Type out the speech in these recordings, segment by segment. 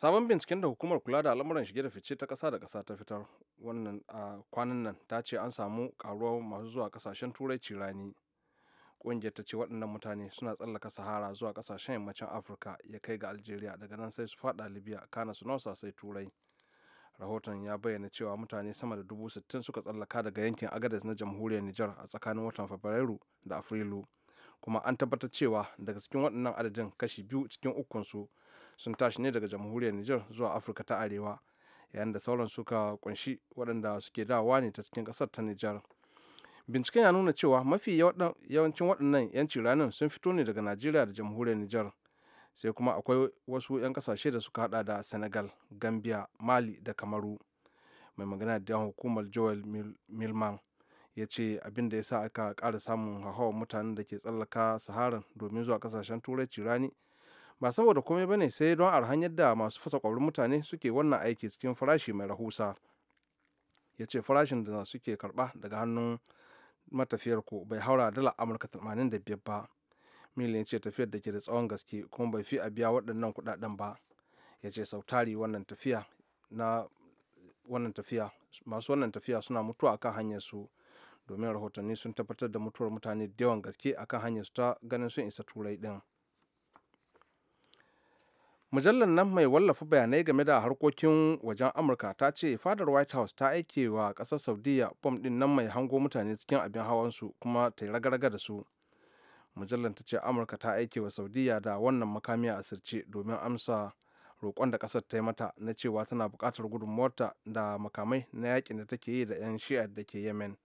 sabon binciken da hukumar kula da al'amuran shige da fice ta kasa da kasa ta fitar wannan a kwanan nan ta ce an samu karuwar masu zuwa kasashen turai cirani ƙungiyar ta ce waɗannan mutane suna tsallaka sahara zuwa kasashen yammacin afirka ya kai ga algeria daga nan sai su faɗa libya kana su nausa sai turai rahoton ya bayyana cewa mutane sama da dubu sittin suka tsallaka daga yankin agadas na jamhuriyar nijar a tsakanin watan fabrairu da afrilu kuma an tabbatar cewa daga cikin waɗannan adadin kashi biyu cikin ukunsu sun tashi ne daga jamhuriyar niger zuwa afirka ta arewa yayin da sauran suka kunshi waɗanda suke dawa ne ta cikin ƙasar ta niger binciken ya nuna cewa mafi yawancin waɗannan 'yanci ranar sun fito ne daga najeriya da jamhuriyar niger sai kuma akwai wasu 'yan kasashe da suka hada da senegal gambia mali da kamaru mai magana da hukumar joel milman ya ce abin da ya sa aka ƙara samun hauhawar mutanen da ke tsallaka saharan domin zuwa kasashen turai cirani ba saboda komai bane sai don arhan yadda masu fasa kwabrin mutane suke wannan aiki cikin farashi mai rahusa ya ce farashin da suke karba daga hannun matafiyar ku bai haura dala amurka 85 ba miliyan ce tafiyar da ke da tsawon gaske kuma bai fi a biya waɗannan kuɗaɗen ba ya ce sautari wannan tafiya na wannan tafiya masu wannan tafiya suna mutuwa akan hanyar su domin rahotanni sun tabbatar da mutuwar mutane da yawan gaske akan hanyar su ta ganin sun isa turai ɗin mujallar nan mai wallafa bayanai game da harkokin wajen amurka ta ce fadar white house ta aike wa kasar saudiya bom din nan mai hango mutane cikin abin hawan su kuma ta yi ragaraga da su mujallar ta ce amurka ta aike wa saudiya da wannan makami a asirce domin amsa roƙon da ƙasar ta yi mata na cewa tana buƙatar gudunmuwarta da makamai na yakin da take yi da 'yan shi'a da ke yemen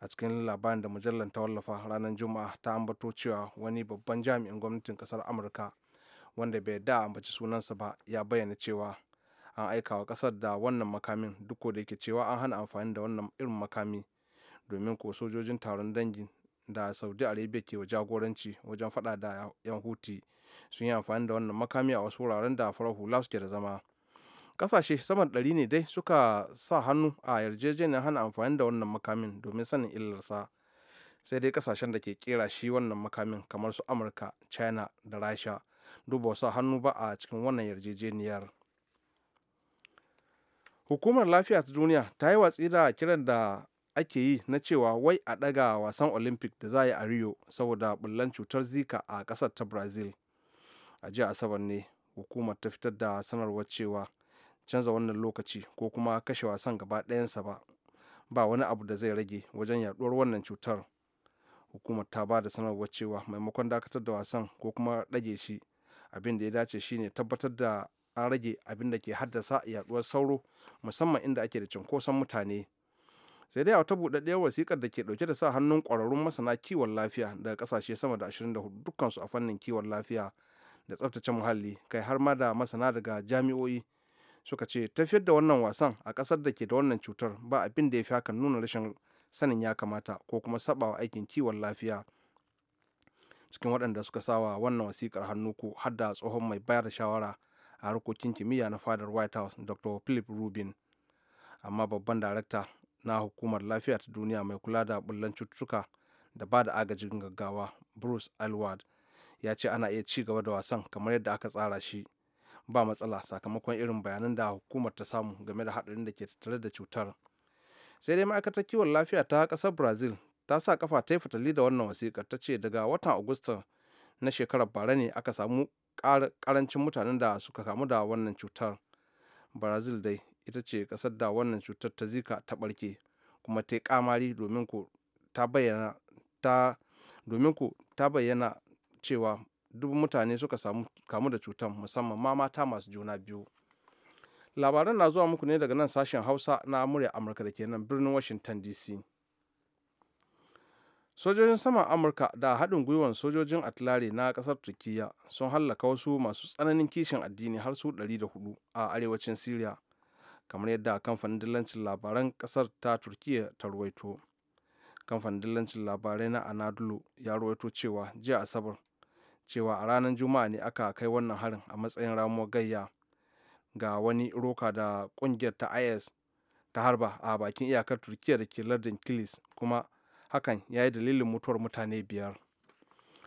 a cikin labarin da mujallar ta wallafa ranar juma'a ta ambato cewa wani babban jami'in gwamnatin ƙasar amurka wanda bai da ambaci sunansa ba ya bayyana cewa an aika wa kasar da wannan makamin duk da yake cewa an hana amfani da wannan irin makami domin ko sojojin taron dangi da saudi arabia ke jagoranci wajen fada da yan huti sun yi amfani da wannan makami a wasu wuraren da farar hula suke da zama kasashe sama ɗari ne dai suka sa hannu a yarjejeniyar hana amfani da wannan makamin domin sanin illarsa sai dai kasashen da ke kera shi wannan makamin kamar su amurka china da rasha duba wasu hannu ba a cikin wannan yarjejeniyar hukumar lafiya ta duniya ta yi watsi da kiran da ake yi na cewa wai a ɗaga wasan olympic da za a yi a rio saboda bullan cutar zika a ƙasar ta brazil a jiya asabar ne hukumar ta fitar da sanarwar cewa canza wannan lokaci ko kuma kashe wasan gaba ɗayansa ba ba wani abu da zai rage wajen yaduwar wannan cutar hukumar ta ba da sanarwar cewa maimakon dakatar da wasan ko kuma ɗage shi abin da ya dace shine tabbatar da an rage abin da ke haddasa yaduwar sauro musamman inda ake da cunkoson mutane sai dai a wata buɗaɗɗiyar wasikar da ke ɗauke da sa hannun ƙwararrun masana kiwon lafiya daga ƙasashe sama da 24 dukkansu a fannin kiwon lafiya da tsaftace muhalli kai har ma da masana daga jami'o'i suka ce tafiyar da wannan wasan a ƙasar da ke da wannan cutar ba abin da ya fi hakan nuna rashin sanin ya kamata ko kuma saɓawa aikin kiwon lafiya cikin waɗanda suka sawa wannan wasikar hannu ko da tsohon mai bayar da shawara a harkokin kimiyya na fadar white house dr philip rubin amma babban darakta na hukumar lafiya ta duniya mai kula da bullan cututtuka da ba da agajin gaggawa bruce alward ya ce ana iya ci gaba da wasan kamar yadda aka tsara shi ba matsala sakamakon irin bayanan da hukumar ta samu game da haɗarin da ke tattare da cutar sai dai ma'aikatar kiwon lafiya ta ƙasar brazil ta sa kafa ta yi fitali da wannan wasiƙa ta ce daga watan agusta na shekarar bara ne aka samu karancin mutanen da suka kamu da wannan cutar brazil dai ita ce kasar da wannan cutar ta zika ta barke kuma ta kamari domin ku ta bayyana domin ku ta bayyana cewa dubu mutane suka samu kamu da cutar musamman ma mata masu juna biyu labaran na zuwa muku ne daga nan sashen hausa na murya amurka da ke nan birnin washington dc sojojin saman amurka da haɗin gwiwar sojojin atilare na ƙasar turkiyya sun hallaka wasu masu tsananin kishin addini har su 104 a arewacin syria kamar yadda kamfanin dillancin labaran ƙasar ta turkiyya ta ruwaito kamfanin dillancin labarai na anadolu ya ruwaito cewa jiya asabar cewa a ranar juma'a ne aka kai wannan harin a matsayin ramuwar gayya ga wani roka da ƙungiyar ta is ta harba a bakin iyakar turkiyya da ke lardin kilis kuma hakan ya yi dalilin mutuwar mutane biyar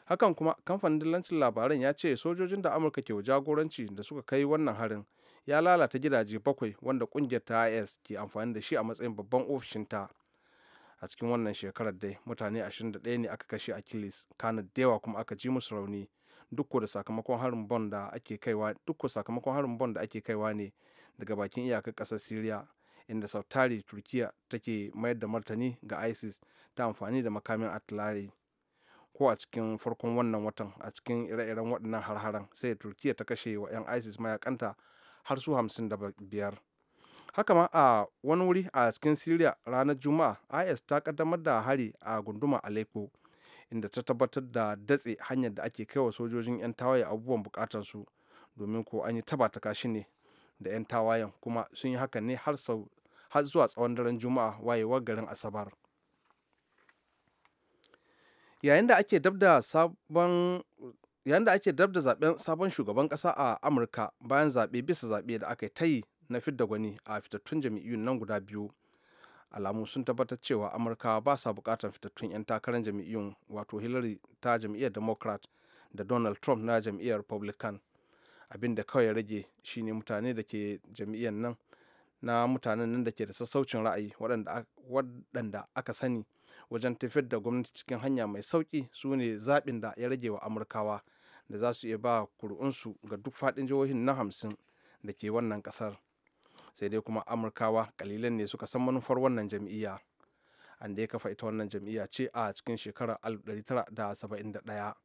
hakan kuma kamfanin dillancin labaran ya ce sojojin da amurka ke jagoranci da suka kai wannan harin ya lalata gidaje bakwai wanda kungiyar ta is ke amfani da shi a matsayin babban ofishinta a cikin wannan shekarar dai mutane 21 ne aka kashe a kilis kana dewa kuma aka ji musu rauni duk da sakamakon harin bon da ake kaiwa ne daga bakin iyakar kasar syria inda sautari turkiya take mayar da martani ga isis ta amfani da makamin artillery ko a cikin farkon wannan watan a cikin ire-iren waɗannan har-haren sai turkiya ta kashe wa 'yan isis mayakanta har su 55 haka ma a wani wuri a cikin syria ranar juma'a is ta kaddamar da hari a gunduma aleppo inda ta tabbatar da datse hanyar da ake kai wa sojojin 'yan tawaye abubuwan bukatarsu domin ko an yi taba ta kashi ne da 'yan tawayen kuma sun yi hakan ne har sau har zuwa tsawon daren juma'a wayewar garin asabar yayin da ake dab da sabon zaben sabon shugaban kasa a amurka bayan zaɓe bisa zaɓe da aka ta yi na fidda gwani a fitattun jami'un nan guda biyu alamu sun tabbatar cewa amurka ba sa bukatar fitattun 'yan takarar jami'un wato hillary ta jam'iyyar democrat da donald trump na jam'iyyar republican abinda da kawai rage shine mutane da ke jami'ar nan na mutanen nan da ke da sassaucin ra'ayi waɗanda aka sani wajen tafiyar da gwamnati cikin hanya mai sauƙi su ne zaɓin da ya rage wa amurkawa da za su iya ba kuru'unsu ga duk faɗin jihohin na hamsin da ke wannan ƙasar sai dai kuma amurkawa ƙalilan ne suka san manufar wannan jam'iyya an da ya kafa ita wannan jam'iyya ce a cikin shekarar ɗaya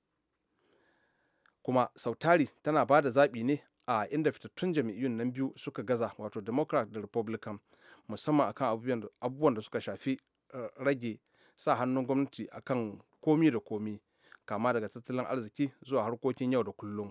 kuma sautari tana ba da zaɓi ne a inda fitattun jam'iyyun nan biyu suka gaza wato democrat da republican musamman akan abubuwan da suka shafi eh, rage sa hannun gwamnati akan komi da komi kama daga tattalin arziki zuwa harkokin yau da kullum.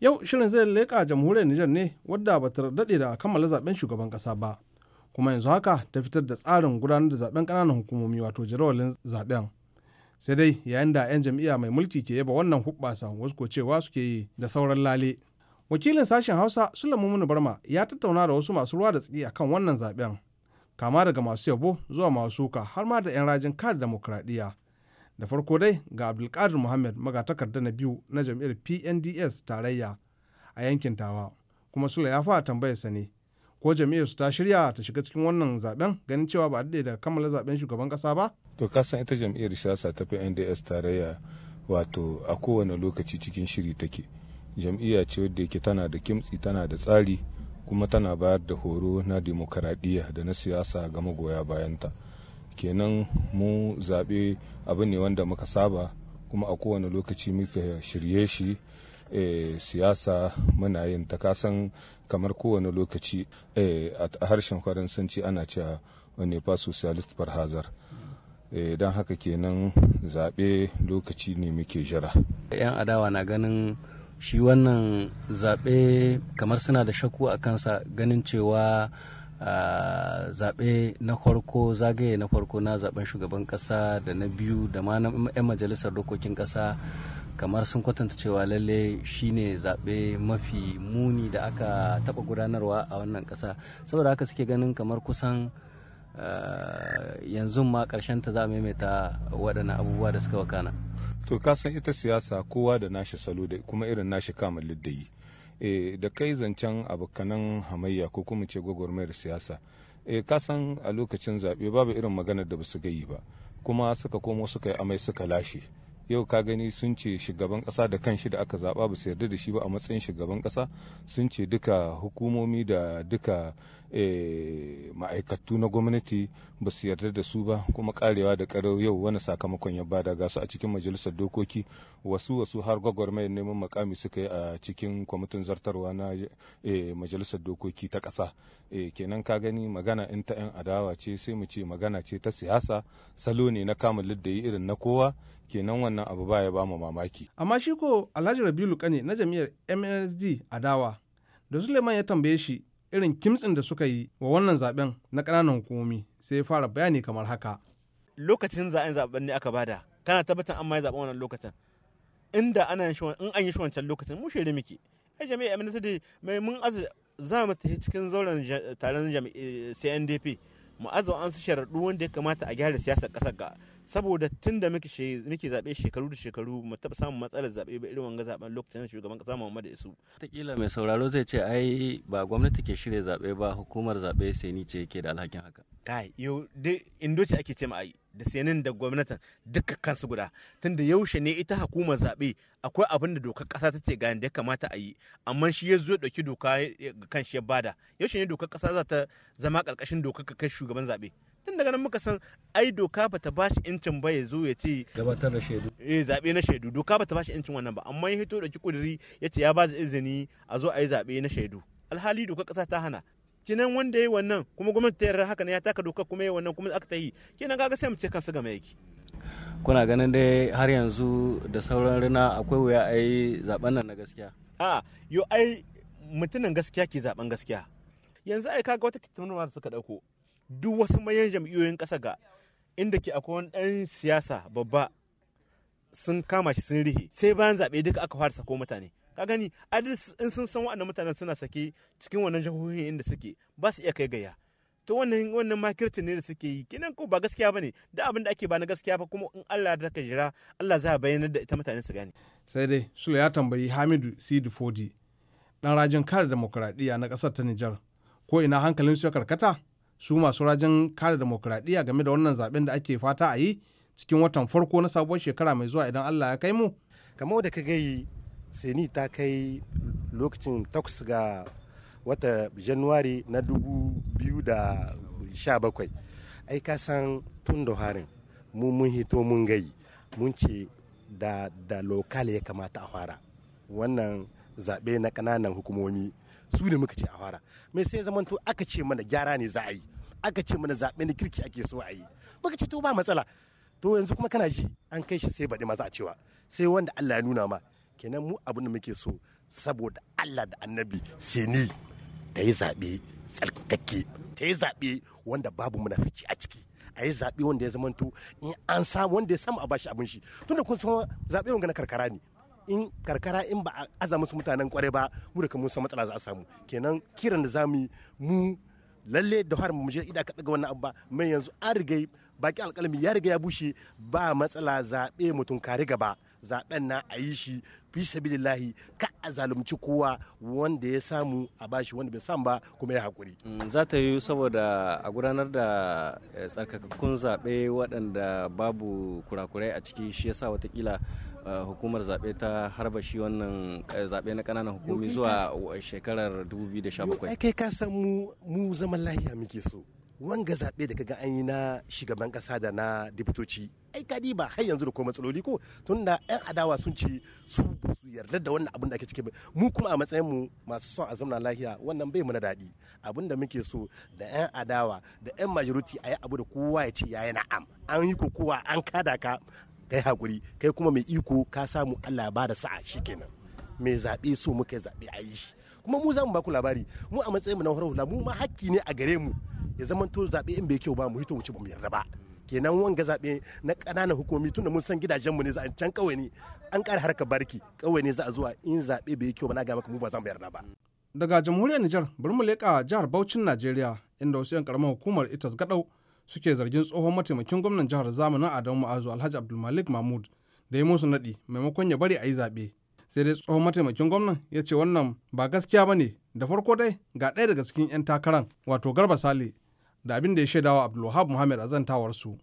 Yau shirin zai leƙa jamhuriyar Nijar ne wadda ba ta daɗe da kammala zaɓen shugaban ƙasa ba. Kuma yanzu haka ta fitar da tsarin gudanar da zaɓen ƙananan hukumomi wato jadawalin zaɓen Sai dai yayin da 'yan jam'iyya mai mulki ke yaba wannan hubbasa wasu ko cewa suke yi da sauran lale. Wakilin sashen Hausa Sulaimu Barma ya tattauna da wasu masu ruwa da tsaki akan wannan zaɓen Kama daga masu yabo zuwa masu suka har ma da 'yan rajin kare demokradiyya. da farko dai ga abdulkadir muhammad magatakarda na biyu na jam'iyyar pnds tarayya a yankin tawa kuma sula ya fara sa ne ko jam'iyyar su ta shirya ta shiga cikin wannan zaben ganin cewa ba daidai da kammala zaben shugaban kasa ba to kasan ita jam'iyyar siyasa ta pnds tarayya wato a kowane lokaci cikin shiri take jam'iyya ce wadda yake tana da kimtsi tana da tsari kuma tana bayar da horo na demokaradiyya da na siyasa ga magoya bayanta kenan mu zaɓe abu ne wanda muka saba kuma a kowane lokaci muka shirye shi eh, siyasa muna yin ta kasan kamar kowane lokaci eh, a harshen faransanci ana cewa ne fa socialist farhazar eh, don haka kenan zaɓe lokaci ne muke jira 'yan adawa na ganin shi wannan zaɓe kamar suna da shakku a kansa ganin cewa zaɓe na farko zagaye na farko na zaɓen shugaban ƙasa da na biyu da ma na 'yan majalisar dokokin ƙasa kamar sun kwatanta cewa lalle shine zaɓe mafi muni da aka taɓa gudanarwa a wannan ƙasa saboda haka suke ganin kamar kusan yanzu ma ƙarshen ta za a maimaita waɗannan abubuwa da suka wakana to kasan ita siyasa kowa da nashi salo da kuma irin nashi kamun liddayi Eh, da kai zancen abokanan hamayya ko kuma ce gwagwarmayar siyasa e, san a lokacin zaɓe babu irin maganar da ba su gayi ba kuma suka komo suka yi amai suka lashe yau ka gani sun ce shugaban kasa da kan shi da aka zaba ba su yarda da shi ba a matsayin shugaban kasa sun ce duka hukumomi da duka eh, ma'aikatu na gwamnati ba su yarda da su ba kuma karewa da karau yau wani sakamakon ya bada ga su a cikin majalisar dokoki wasu wasu har gwagwarmayar neman makami suka yi a cikin kwamitin zartarwa na eh, majalisar dokoki ta kasa eh, kenan ka gani magana in ta 'yan adawa ce sai mu ce magana ce ta siyasa salo ne na kamun lidda irin na kowa kenan wannan abu ba ya mu mamaki amma shi ko Alhaji Rabiu Lukani na jam'iyyar MNSD adawa da Suleiman ya tambaye shi irin kimtsin da suka yi wa wannan zaben na ƙananan hukumomi sai ya fara bayani kamar haka lokacin zaben zaben ne aka bada kana tabbatar an mai zaɓen wannan lokacin inda ana yin shi in an yi shi wancan lokacin mu shirye muke ai jami'a MNSD mai mun azu za mu tafi cikin zauren taron eh, CNDP mu azo an su sharaɗu wanda ya kamata a gyara siyasar ƙasar ga saboda tun da muke zaɓe shekaru da shekaru mu taɓa samun matsalar zaɓe ba irin wanga zaɓen lokacin shugaban ƙasa Muhammad Isu. Wataƙila mai sauraro zai ce ai ba gwamnati ke shirya zaɓe ba hukumar zaɓe ni ce yake da alhakin haka. Kai yau duk indoci ake ce ma ai da senin da gwamnatin duka kansu guda tunda yaushe ne ita hukumar zaɓe akwai abin da dokar ƙasa ta ce ga da ya kamata a yi amma shi ya zo ɗauki doka kan shi ya bada yaushe ne dokar ƙasa za ta zama ƙarƙashin dokar kai shugaban zaɓe. tun daga nan muka san ai doka ba ta bashi incin ba ya zo ya ce gabatar da shaidu eh zabe na shaidu doka ba ta bashi incin wannan ba amma ya hito da ki kudiri ya ce ya ba izini a zo a yi zabe na shaidu alhali doka kasa ta hana kinan wanda yayi wannan kuma gwamnati ta yarda haka ne ya taka doka kuma yayi wannan kuma aka ta yi kinan kaga sai mu ce kansu ga mai yake kuna ganin dai har yanzu da sauran rina akwai wuya a yi zaben nan na gaskiya a yo ai mutumin gaskiya ke zaben gaskiya yanzu ai kaga wata tattaunawa da suka dauko duk wasu manyan jam'iyyoyin ƙasa ga inda ke akwai wani ɗan siyasa babba sun kama shi sun rihe sai bayan zaɓe duka aka fara sako mutane ka gani adres in sun san waɗannan mutanen suna sake cikin wannan jihohin inda suke ba su iya kai gaya to wannan wannan makircin ne da suke yi kenan ko ba gaskiya bane da abin da ake ba na gaskiya ba kuma in Allah da ka jira Allah za a bayyana da ita mutane su gane sai dai Sule ya tambayi Hamidu Sidi Fodi dan rajin kare demokradiya na kasar ta Nijar ko ina hankalin su ya karkata su masu rajin kare demokuraɗiyya game da wannan zaben da ake fata a yi cikin watan farko na sabuwar shekara mai zuwa idan allah ya kai mu kamar da ka gai seni ta kai lokacin takwas ga wata januwari na dubu biyu da sha bakwai ai ka san tun da harin mu mun hito mun gai mun ce da, da lokal ya kamata a fara wannan zaɓe na ƙananan hukumomi su ne muka ce a fara mai sai zamanto aka ce mana gyara ne za a yi aka ce mana zaɓe na kirki ake so a yi muka ce to ba matsala to yanzu kuma kana ji an kai shi sai baɗi maza a cewa sai wanda Allah ya nuna ma kenan mu abin da muke so saboda Allah da annabi sai ni ta yi zaɓe tsarkakke ta yi zaɓe wanda babu munafici a ciki a yi zaɓe wanda ya zamanto in an samu wanda ya samu a bashi abin shi tunda kun san zaɓe wanga na karkara ne in karkara in ba a aza musu mutanen kware ba mu da mun san matsala za a samu kenan kiran da zamu mu lalle da har mu je ida ka daga wannan abu ba mai yanzu an riga baki alƙalami ya riga ya bushe ba matsala zaɓe mutum ka riga ba zaɓen na a yi shi fi sabilillahi ka a zalunci kowa wanda ya samu a bashi wanda bai samu ba kuma ya hakuri. Mm, za ta yi saboda a gudanar da eh, tsarkakakkun zaɓe waɗanda babu kurakurai a ciki shi sa watakila Eh, hukumar zaɓe ta harba shi wannan eh, zaɓe na ƙananan hukumi zuwa shekarar 2017. kai ka san mu mu zaman lahiya muke so wanga zaɓe da kaga an yi na shugaban ƙasa da na diptoci ai ka ba har yanzu da ko matsaloli ko tunda yan adawa sun ce su su yarda da wannan abin da ake ciki mu kuma a matsayin mu masu son a zauna lahiya wannan bai mana daɗi abin da muke so da yan adawa da yan majority a yi abu da kowa ya ce ya na'am an yi kokowa an kada ka kai hakuri kai kuma mai iko ka samu Allah ba da sa'a kenan mai zaɓe so muka zaɓe a yi shi kuma mu za mu baku labari mu a matsayin mu na hula mu ma hakki ne a gare mu ya zama to zaɓe in bai kyau ba mu hito mu ci ba mu yarda ba kenan wanga zabe na ƙananan hukumomi tunda mun san gidajenmu ne za a can kawai ne an ƙara harka barki kawai ne za a zuwa in zaɓe bai kyau ba na ga maka mu ba za mu yarda ba. daga jamhuriyar Nijar bari mu leka jihar Bauchin Najeriya inda wasu 'yan karamar hukumar Itas Gadau suke zargin tsohon mataimakin gwamnan jihar zamanin adamu ma'azu alhaji abdulmalik mahmud da ya musu naɗi maimakon ya bari a yi zaɓe sai dai tsohon mataimakin gwamnan ya ce wannan ba gaskiya ba ne da farko dai ga ɗaya daga cikin 'yan takaran wato garba sale da abin da ya shaida shaidawa abdulwahab muhammad a su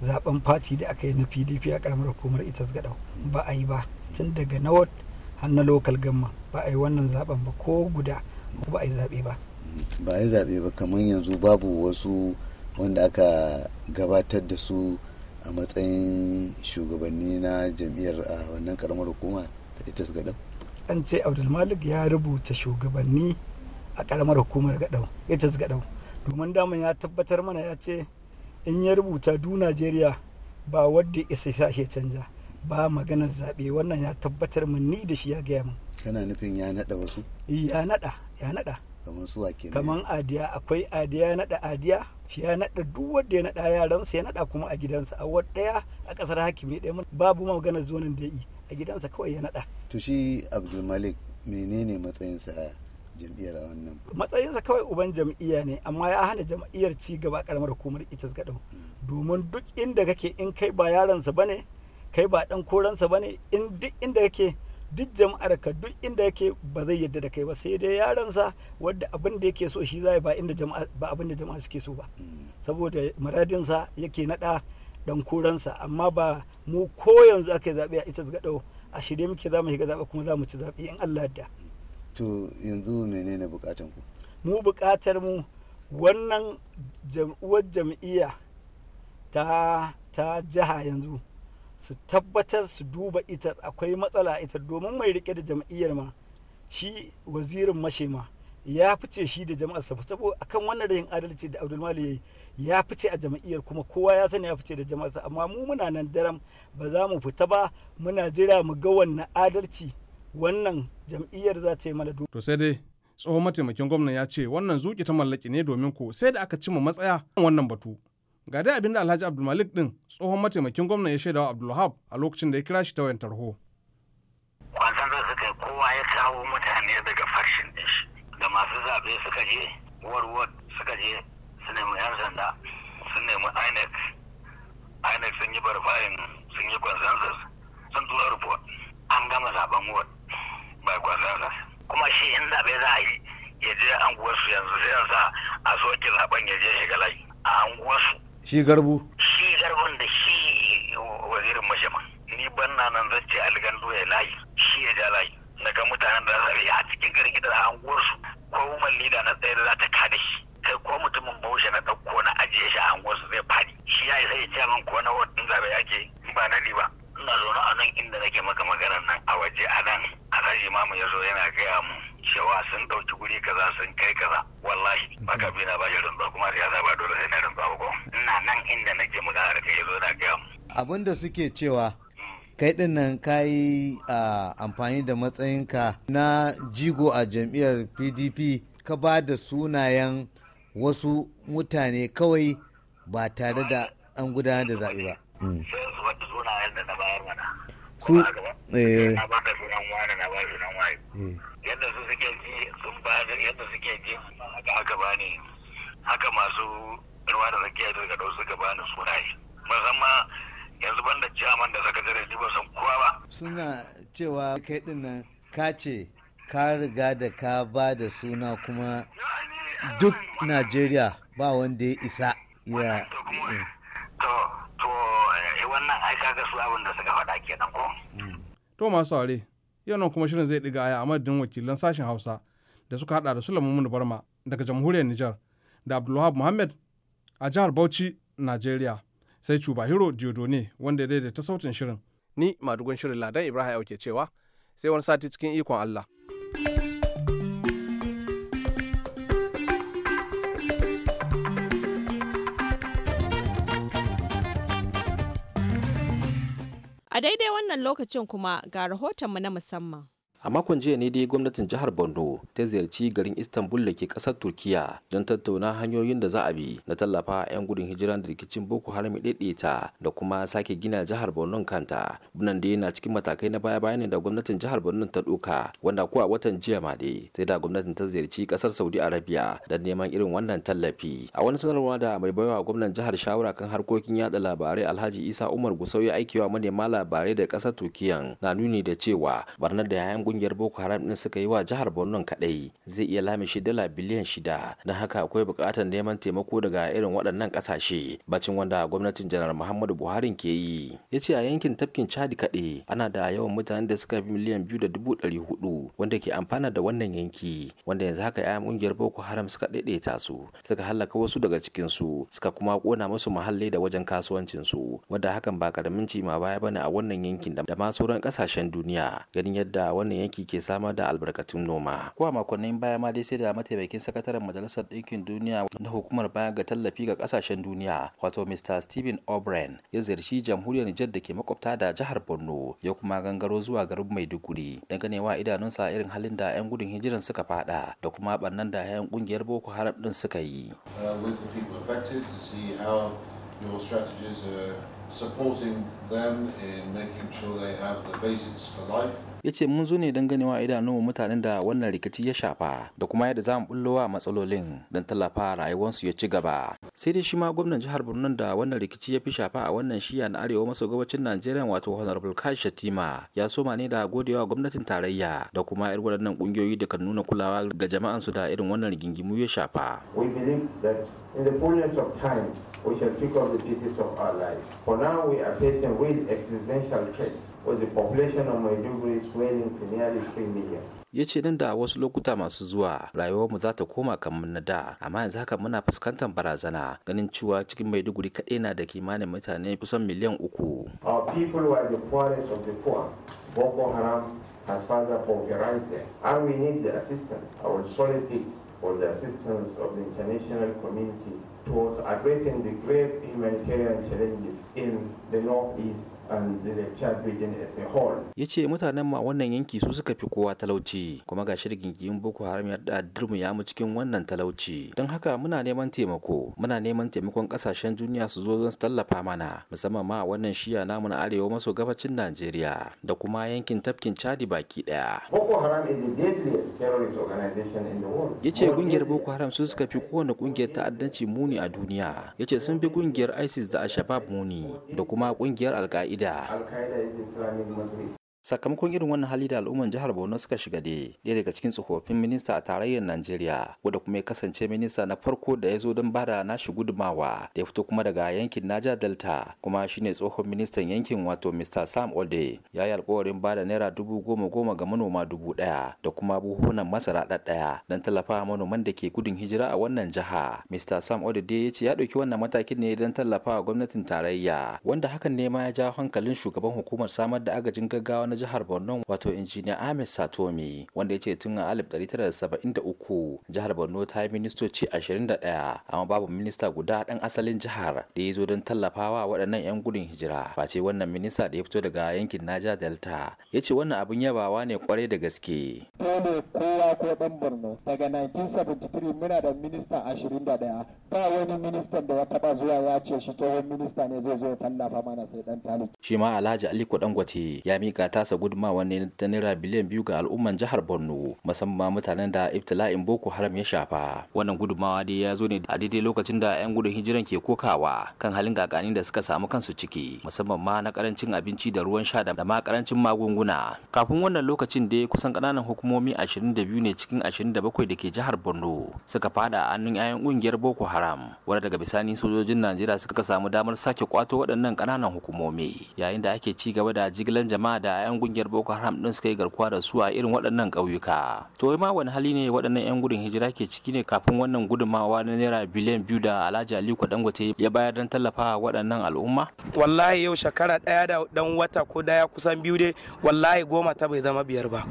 zaben fati da aka yi na pdp a karamar hukumar itas gadau ba a yi ba tun daga na ward har na lokal gamma ba a yi wannan zaben ba ko guda ba a yi zaɓe ba ba a yi zaɓe ba kamar yanzu babu wasu wanda aka gabatar da su a matsayin shugabanni na jam'iyyar a wannan karamar hukuma ta ita su gadau an ce abdulmalik ya rubuta shugabanni a karamar hukumar gadau ita su gadau domin daman ya tabbatar mana ya ce in ya rubuta du najeriya ba wadda isa shi canja ba maganar zaɓe wannan ya tabbatar min ni da shi ya gaya min kana nufin ya naɗa wasu eh, ya naɗa ya naɗa kamar su kenan kamar adiya akwai adiya naɗa adiya shi ya naɗa duk wanda ya naɗa yaransa ya naɗa kuma a gidansa a wadda ɗaya a ƙasar hakimi ɗaya babu magana zonin da yi a gidansa kawai ya naɗa. to shi abdulmalik menene matsayinsa jam'iyyar a wannan matsayinsa kawai uban jam'iyya ne amma ya hana jam'iyyar ci gaba karamar hukumar ita gadau mm. domin duk inda kake in kai ba yaransa bane kai ba ɗan koransa bane in duk inda kake duk jama'ar ka duk inda yake ba zai yadda da kai ba sai dai yaransa wadda abin da yake so shi zai ba inda jama'a ba abin da jama'a suke so ba saboda muradinsa yake nada dan sa amma ba mu ko yanzu aka zabe zaɓe a ita gadau a shirye muke za mu shiga zaɓe kuma za mu ci zaɓe in Allah da. To yanzu menene bukatun ku? Mu bukatar mu wannan jam'iyyar jam'iyya ta ta jiha yanzu su tabbatar su duba ita akwai matsala ita domin mai rike da jam'iyyar ma shi wazirin mashema ya fice shi da jama'ar sa fito akan wannan rayin adalci da abdul yayi ya fice a jam'iyyar kuma kowa ya sani ya fice da jama'ar sa amma mu muna nan daram ba za mu fita ba muna jira mu ga wannan adalci wannan jam'iyyar za ta yi mana to sai dai tsohon mataimakin gwamnan ya ce wannan zuki ta mallaki ne domin ko sai da aka cimma matsaya wannan batu ga dai abinda alhaji abdulmalik din tsohon mataimakin gwamna ya shaidawa abdulwahab a lokacin da ya kira shi ta wayan tarho kwasan da suka yi kowa ya kawo mutane daga farshin din shi da masu zaɓe suka je warwar suka je su nemi yan sanda sun nemi inec inec sun yi barbayin sun yi consensus sun tura report an gama zaben ward by consensus kuma shi in zaɓe za a yi ya je anguwarsu yanzu sai yansa a soke zaben ya je shi garbu abinda suke cewa kai din nan ka yi amfani da matsayinka na jigo a jam'iyyar pdp ka ba da sunayen wasu mutane kawai ba tare da an gudanar da zaɓe ba hmm. su eh. hmm. yadda su suke ji sun ba da yadda suke ji haka haka ba ne haka masu ruwa da rakiya da suka ɗau suka sunaye musamman yanzu banda ciyaman da sakatare ni ba san kowa ba suna cewa kai nan ka ce ka riga da ka ba da suna kuma duk najeriya ba wanda ya isa ya eh. to eh, wannan ai kaga su abin da suka faɗa kenan ko mm. to masu aure yau nan kuma shirin zai ɗiga aya a madadin wakilan sashen hausa da suka hada da sulaiman barma daga jamhuriyar nijar da abdulwahab muhammad a jihar bauchi najeriya sai Cubahiro Diodone wanda ya daidaita sautin shirin. Ni madugun shirin Ladan Ibrahim Auke cewa sai wani sati cikin ikon Allah. A daidai wannan lokacin kuma ga rahotonmu na musamman. a makon jiya ne dai gwamnatin jihar borno ta ziyarci garin istanbul da ke kasar turkiya don tattauna hanyoyin da za a bi na tallafa 'yan gudun hijira da rikicin boko haram ɗaiɗaita da kuma sake gina jihar borno kanta bunan da yana cikin matakai na baya bayan da gwamnatin jihar borno ta ɗauka wanda ko a watan jiya ma dai sai da gwamnatin ta ziyarci kasar saudi arabia don neman irin wannan tallafi a wani sanarwa da mai baiwa gwamnan jihar shawara kan harkokin yada labarai alhaji isa umar gusau ya aikewa manema labarai da kasar turkiya na nuni da cewa barnar da yayan kungiyar boko haram din suka yi wa jihar borno kadai zai iya lamishi dala biliyan shida don haka akwai bukatar neman taimako daga irin waɗannan ƙasashe bacin wanda gwamnatin janar muhammadu buhari ke yi ya ce a yankin tafkin chadi kaɗai ana da yawan mutanen da suka fi miliyan biyu da dubu ɗari hudu wanda ke amfana da wannan yanki wanda yanzu haka 'ya'yan kungiyar boko haram suka daidaita su suka hallaka wasu daga cikinsu suka kuma kona musu muhalli da wajen kasuwancinsu wanda hakan ba karamin cima baya bane a wannan yankin da ma sauran ƙasashen duniya ganin yadda wannan yanki ke samar da albarkatun noma kowa makonnin baya ma dai sai da mataimakin sakataren majalisar ɗinkin duniya na hukumar baya ga tallafi ga kasashen duniya wato mr stephen o'brien ya ziyarci jamhuriyar nijar da ke makwabta da jihar borno ya kuma gangaro zuwa garin maiduguri don ganewa idanunsa irin halin da 'yan gudun hijiran suka fada da kuma barnan da 'yan kungiyar boko haram din suka yi uh, supporting them in making sure they have the basics for life ya ce mun zo ne don ganewa idanu mutanen da wannan rikici ya shafa da kuma yadda za mu bullowa matsalolin don tallafa rayuwarsu ya ci gaba sai dai shi ma gwamnan jihar borno da wannan rikici ya fi shafa a wannan shiya na arewa maso gabacin najeriya wato honorable kai shatima ya soma ne da godewa gwamnatin tarayya da kuma irin waɗannan ƙungiyoyi da kan nuna kulawa ga jama'ansu da irin wannan rigingimu ya shafa we in the fullness of time we shall pick up the pieces of our lives for now we are facing real existential threats because the population of Maiduguri is weighing nearly 3 million. ya ce nan da wasu lokuta masu zuwa rayuwarmu za ta koma kamar na da amma yanzu haka muna fuskantar barazana ganin cewa cikin maiduguri kaɗai na da kimanin mutane kusan miliyan uku. our people were the poorest of the poor boko haram has further pauperized them and we need the assistance our solitude for the assistance of the international community towards addressing the grave humanitarian challenges in the north northeast yace mutanen mu a Ya ce mutanen ma wannan yanki su suka fi kowa talauci kuma ga shirgin Boko Haram ya da durmu ya mu cikin wannan talauci. Don haka muna neman taimako, muna neman taimakon kasashen duniya su zo don su tallafa mana musamman ma wannan shiya namu na arewa maso gabacin Najeriya da kuma yankin tafkin Chadi baki daya. Ya ce kungiyar Boko Haram su suka fi kowane kungiyar ta'addanci muni a duniya. Ya ce sun fi kungiyar ISIS da al muni da kuma kungiyar al Qaeda. sakamakon irin wannan hali da al'umman jihar borno suka shiga dai. ɗaya daga cikin tsofaffin minista a tarayyar najeriya wadda kuma ya kasance minista na farko da ya zo don bada nashi gudumawa da ya fito kuma daga yankin naja delta kuma shine tsohon ministan yankin wato mr sam Ode. ya yi alkawarin bada naira dubu goma goma ga manoma dubu ɗaya da kuma buhunan masara ɗaɗɗaya don tallafa manoman da ke gudun hijira a wannan jiha mr sam olde dai ya ce ya ɗauki wannan matakin ne don tallafa gwamnatin tarayya wanda hakan ne ma ya ja hankalin shugaban hukumar samar da agajin gaggawa na jihar Borno wato injiniya Ahmed Satomi wanda ya ce tun a 1973 jihar Borno ta yi ministoci 21 amma babu minista guda dan asalin jihar da ya zo don tallafawa waɗannan 'yan gudun hijira face wannan minista da ya fito daga yankin Naja Delta ya ce wannan abin yabawa ne kwarai da gaske. Dole kowa ko dan Borno daga 1973 muna da minista 21 ba wani ministan da ya taɓa zuwa ya ce shi tsohon minista ne zai zo ya tallafa mana sai dan taliki. Shi ma Alhaji Aliko Dangote ya mika ta bunƙasa gudumawa ne ta naira biliyan biyu ga al'umman jihar borno musamman mutanen da ibtila'in boko haram ya shafa wannan gudumawa dai ya zo ne a daidai lokacin da 'yan gudun hijiran ke kokawa kan halin gagani da suka samu kansu ciki musamman ma na karancin abinci da ruwan sha da ma karancin magunguna kafin wannan lokacin dai kusan kananan hukumomi 22 ne cikin 27 da ke jihar borno suka fada a hannun 'ya'yan kungiyar boko haram wadda daga bisani sojojin najeriya suka samu damar sake kwato waɗannan kananan hukumomi yayin da ake ci gaba da jigilan jama'a da 'yan kungiyar boko haram din suka yi garkuwa da su a irin waɗannan ƙauyuka to ma wani hali ne waɗannan 'yan gudun hijira ke ciki ne kafin wannan gudunmawa na naira biliyan biyu da alhaji aliko dangote ya bayar don tallafa waɗannan al'umma wallahi yau shekara ɗaya da dan wata ko daya kusan biyu dai wallahi goma ta bai zama biyar ba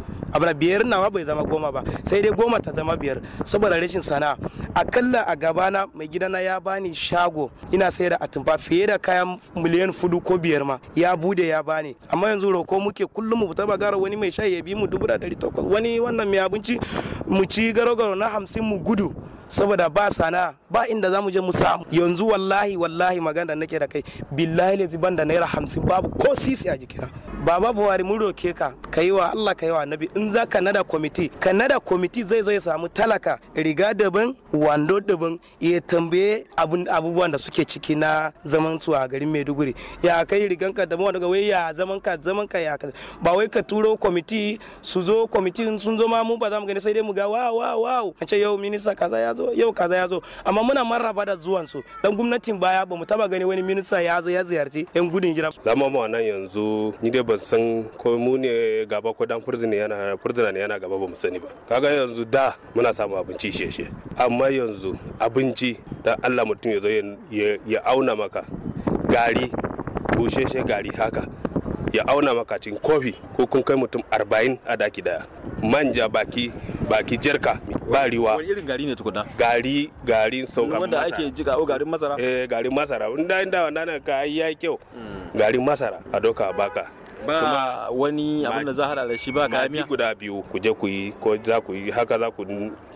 biyar nawa bai zama goma ba sai dai goma ta zama biyar saboda rashin sana'a akalla a gabana mai gidana ya bani shago ina sai da atumfa fiye da kayan miliyan fudu ko biyar ma ya bude ya bani amma yanzu roko muke kullum mu fita ba gara wani mai shayi ya bi mu dubu da dari takwas wani wannan mai abinci mu ci garo garo na hamsin mu gudu saboda ba sana ba inda za mu je mu samu yanzu wallahi wallahi magana nake da kai billahi ne ban da naira hamsin babu ko sisi a jikina baba buhari mun roke ka ka yi wa allah ka yi wa nabi in za ka nada kwamiti ka nada kwamiti zai zo ya samu talaka riga daban wando daban ya tambaye abubuwan da suke ciki na zaman su a garin maiduguri ya kai rigan ka daban daga wai ya zaman ka zaman ka ya ba wai ka turo kwamiti su zo kwamiti sun zo ma mu ba za mu gani sai dai mu ga wa wa wa a ce yau minista kaza ya zo zo yau kaza ya zo amma muna marraba da zuwan su dan gwamnatin baya bamu taba gani wani minista ya zo ya ziyarci yan gudun hijira zama mu nan yanzu ni dai ban san ko mu ne gaba ko dan furzina yana furzina ne yana gaba bamu sani ba kaga yanzu da muna samu abinci isheshe amma yanzu abinci dan Allah mutum ya zo ya auna maka gari busheshe gari haka ya auna maka cikin kofi ko kun kai mutum 40 a daki daya manja baki baki jerka ba riwa gari ne tukuna gari gari sau sauka wanda ake jika o garin masara eh garin masara inda inda wannan ka yayi kyau hmm. garin masara a doka baka ba wani abin da za hada da shi ba ka guda biyu ku je ku yi ko za ku yi haka za ku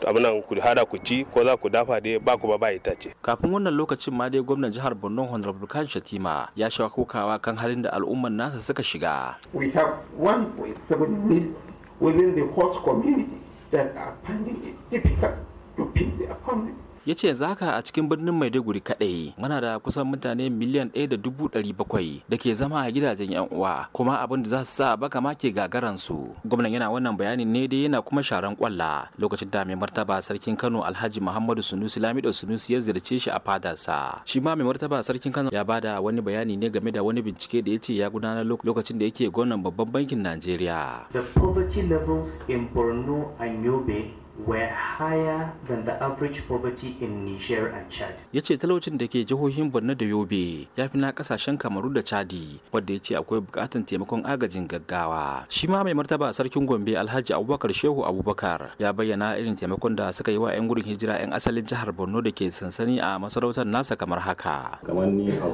abin ku hada ku ci ko za ku dafa dai ba ku ba ba ita ce kafin wannan lokacin ma dai gwamnan jihar Borno Honorable Kan Shatima ya sha kokawa kan halin da al'umman nasa suka shiga we have 1.7 million within the host community that are finding it difficult to pay the families ya ce za ka a cikin birnin maiduguri kaɗai muna da kusan mutane miliyan ɗaya da dubu ɗari bakwai da ke zama a gidajen yan uwa kuma abin da za su sa baka ma ke gagaran su gwamnan yana wannan bayanin ne dai yana kuma sharan kwalla lokacin da mai martaba sarkin kano alhaji muhammadu sunusi lamido sunusi ya ziyarce shi a fadarsa shi ma mai martaba sarkin kano ya bada wani bayani ne game da wani bincike da ya ce ya gudanar lokacin da yake gwamnan babban bankin najeriya the poverty levels in borno and yobe were higher than the average poverty in Niger and Chad. Ya ce talaucin da ke jihohin Borno da Yobe ya fi na kasashen Kamaru da Chadi wadda ya ce akwai bukatan taimakon agajin gaggawa. Shi ma mai martaba sarkin Gombe Alhaji Abubakar Shehu Abubakar ya bayyana irin taimakon da suka yi wa 'yan gudun hijira 'yan asalin jihar Borno da ke sansani a masarautar nasa kamar haka. Kamar ni a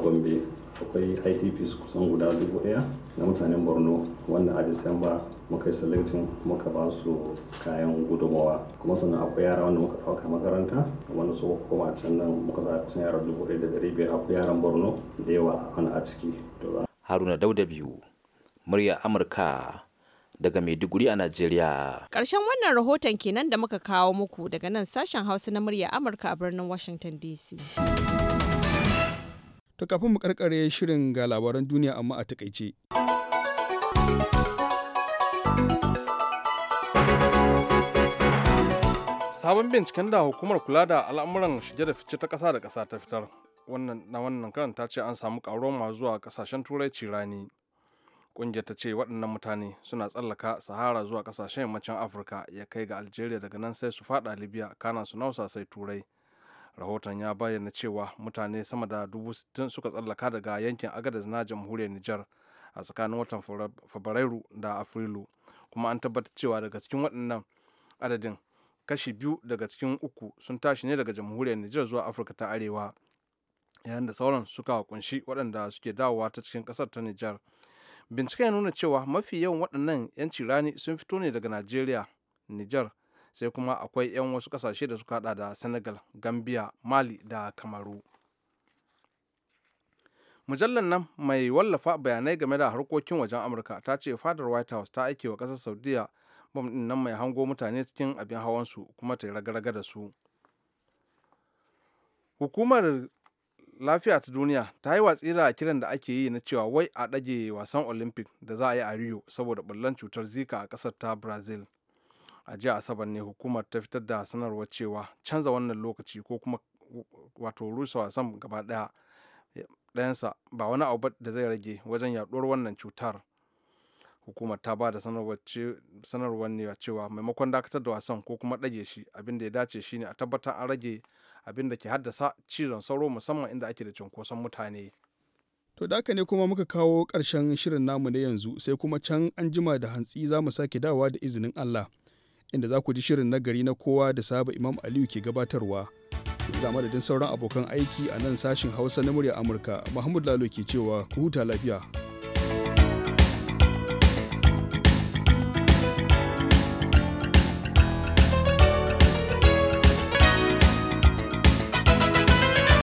Gombe akwai ITPs kusan guda dubu ɗaya na mutanen Borno wanda a Disamba muka yi selecting muka ba su kayan gudunmawa kuma sannan akwai yara wanda muka ɗauka makaranta wanda su koma can nan muka sa kusan yara dubu ɗaya da ɗari biyar akwai yaran borno da yawa a a ciki haruna dauda biyu murya amurka daga Maiduguri a Najeriya. Ƙarshen wannan rahoton kenan da muka kawo muku daga nan sashen Hausa na murya Amurka a birnin Washington DC. To kafin mu karkare shirin ga labaran duniya amma a takaice. sabon binciken da hukumar kula da al'amuran shige da fice ta kasa da kasa ta fitar wannan na wannan karan ta ce an samu ƙaruwar ma zuwa kasashen turai cirani ƙungiyar ta ce waɗannan mutane suna tsallaka sahara zuwa kasashen yammacin afirka ya kai ga algeria daga nan sai su faɗa libya kana su nausa sai turai rahoton ya bayyana cewa mutane sama da dubu sittin suka tsallaka daga yankin agadez na jamhuriyar nijar a tsakanin watan fabrairu da afrilu kuma an tabbatar cewa daga cikin waɗannan adadin kashi biyu daga cikin uku sun tashi ne daga jamhuriyar Nijar zuwa Afirka ta Arewa yayin da sauran suka kunshi waɗanda suke dawowa ta cikin ƙasar ta Nijar. binciken ya nuna cewa mafi yawan waɗannan 'yanci rani sun fito ne daga Najeriya, Nijar, sai kuma akwai 'yan wasu ƙasashe da suka haɗa da Senegal, Gambia, Mali da Kamaru. mujallar nan mai wallafa bayanai game da harkokin wajen amurka ta ce fadar white house ta aike wa ƙasar saudiya bom ɗin nan mai hango mutane cikin abin hawan su kuma ta raga-raga da su hukumar lafiya ta duniya ta yi watsi da kiran da ake yi na cewa wai a ɗage wasan olympic da za a yi a rio saboda ɓullan cutar zika a ƙasar ta brazil a jiya asabar ne hukumar ta fitar da sanarwar cewa canza wannan lokaci ko kuma wato rusa wasan gaba ɗaya ɗayansa ba wani abu da zai rage wajen yaɗuwar wannan cutar hukumar ta ba da sanarwar ne cewa maimakon dakatar da wasan ko kuma ɗage shi abin da ya dace shine a tabbatar an rage abin da ke haddasa cizon sauro musamman inda ake da cunkoson mutane to da ne kuma muka kawo ƙarshen shirin namu na yanzu sai kuma can an jima da hantsi za mu sake dawa da izinin allah inda za ku ji shirin na gari na kowa da saba imam aliyu ke gabatarwa za madadin sauran abokan aiki a nan sashin hausa na murya amurka mahmud lalo ke cewa ku huta lafiya